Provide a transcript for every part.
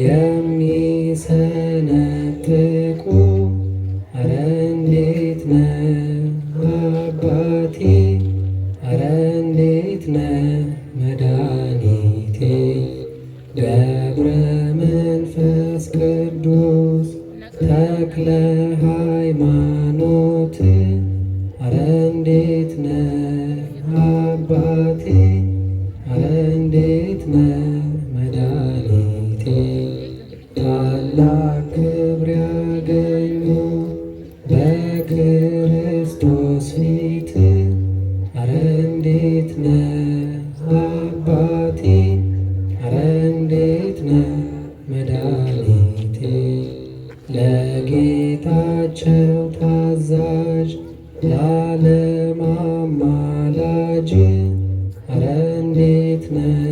የሚሰነጥቁ ኧረ እንዴት ነህ አባቴ ኧረ እንዴት ነህ መድኃኒቴ ደብረ መንፈስ ቅዱስ ተክለ ሃይማኖት ኧረ እንዴት ነህ አባቴ ኧረ እንዴት ነህ Krishna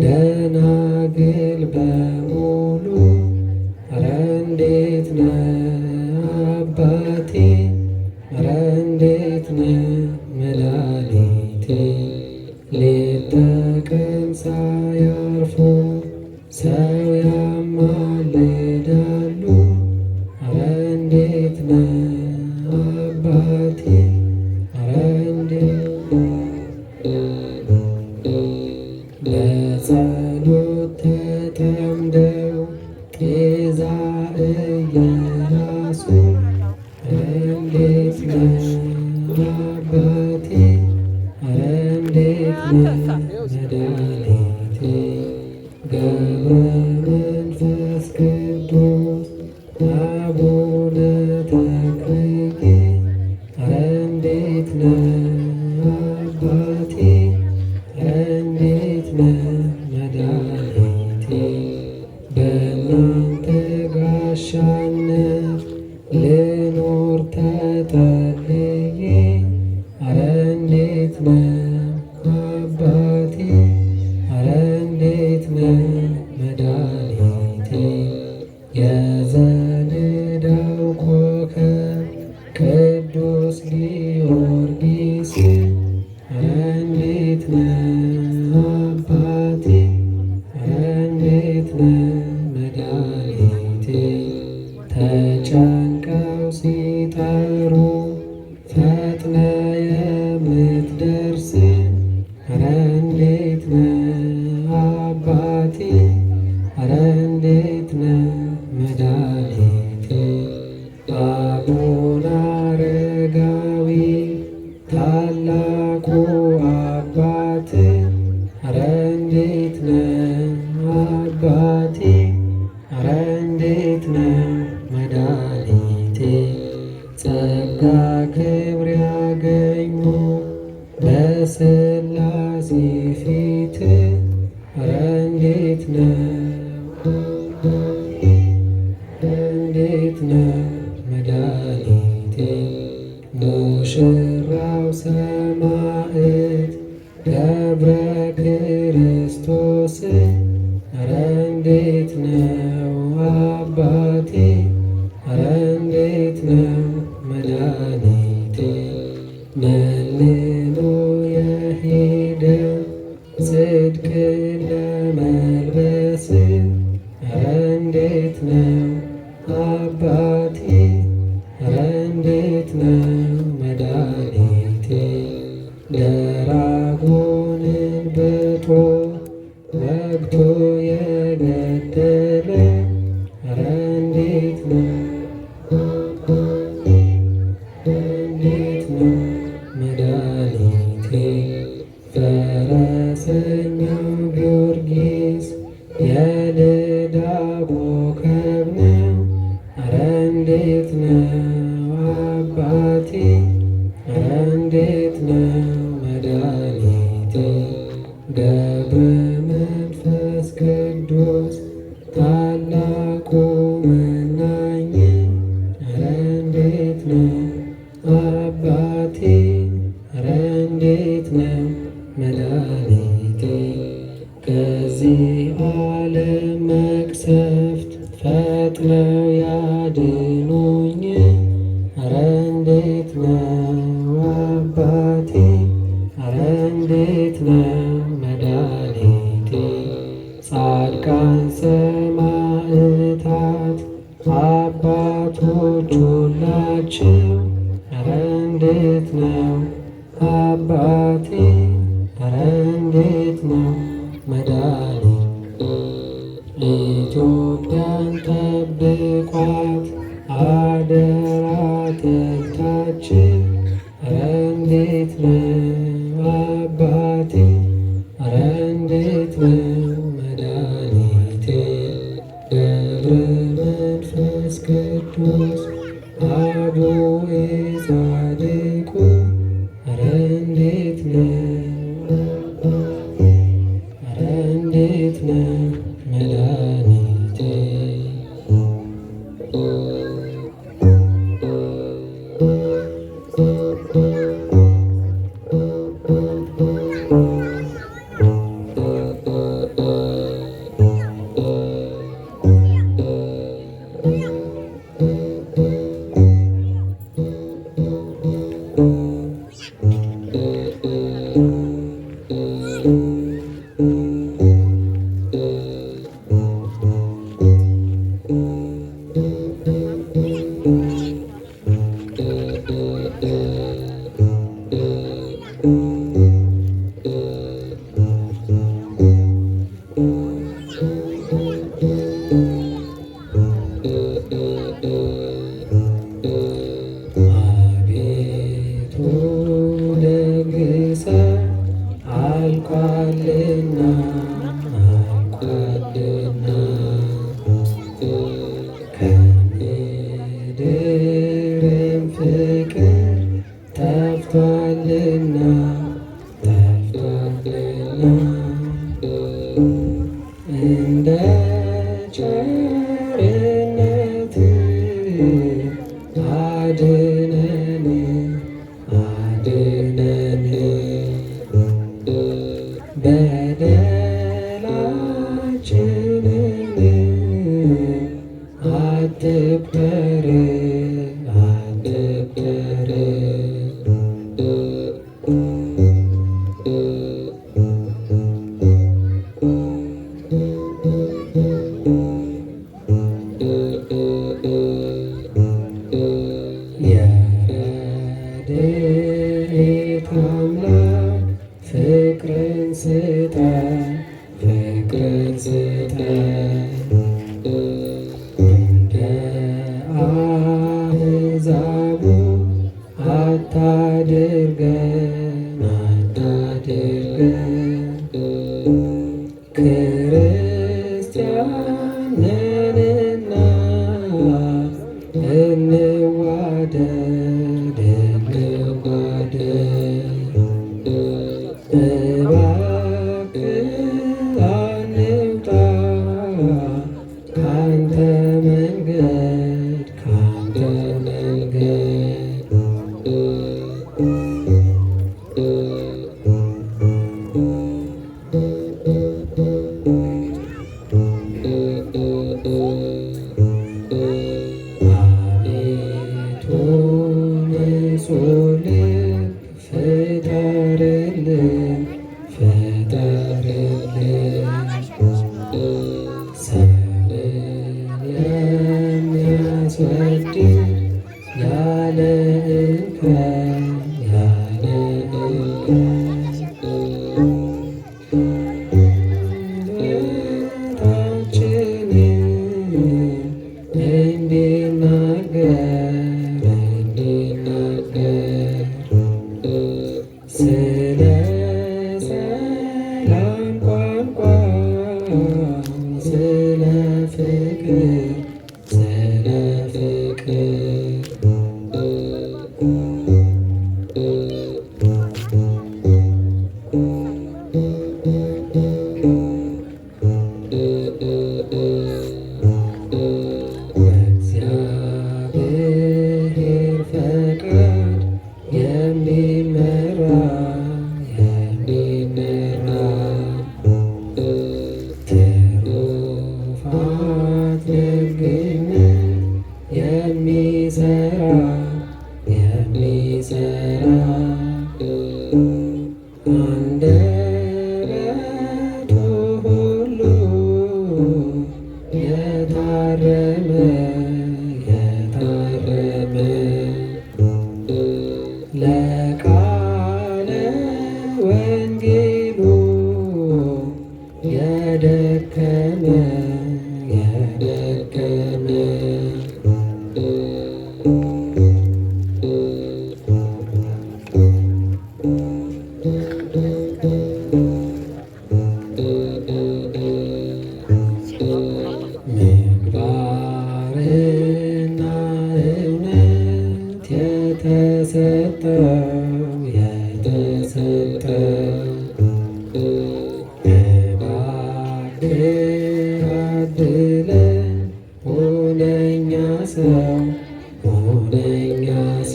ደናግል በ Let's Desire to Georgi. መድኃኒቴ ሙሽራው ሰማዕት ደብረ ክርስቶስ ኧረ ነው አባቴ ኧረ ነው መድኃኒቴ መልሎ የሄደ ጽድቅ ለመልበስ ኧረ እንዴት ነው አባቴ እንዴት ነው መድኃኒቴ ደራጎንን ብጦ ወግቶ የገደለ እንዴት ነው እንዴት ነው መድኃኒቴ ፈረሰኛው ጊዮርጊስ የልዳጎ ዓለም መቅሰፍት ፈጥነው ያድኑ እንዴት ነው did.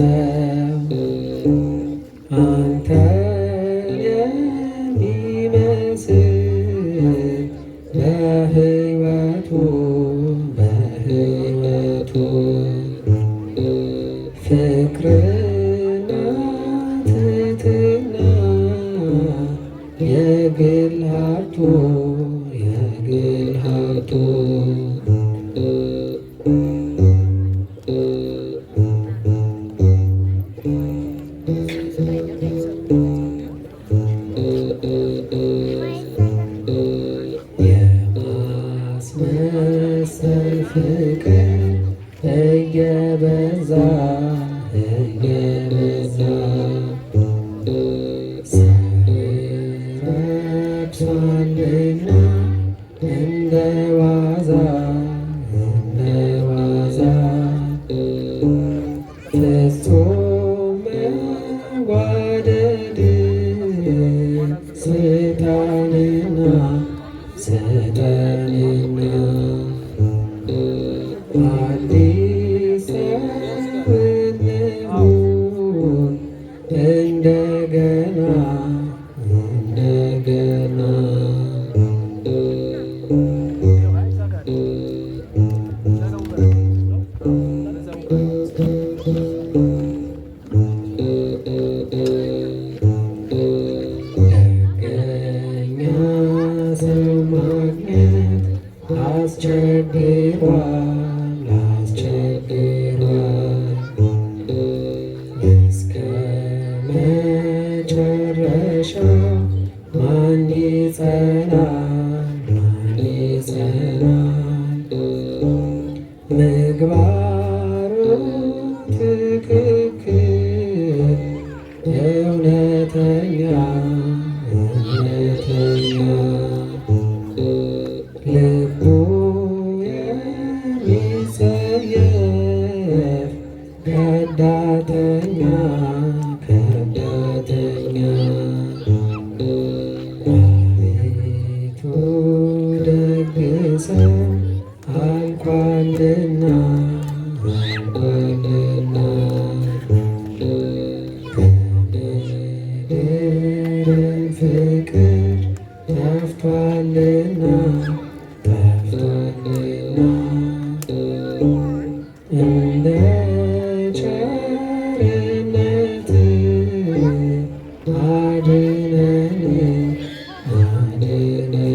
myself. Thank you.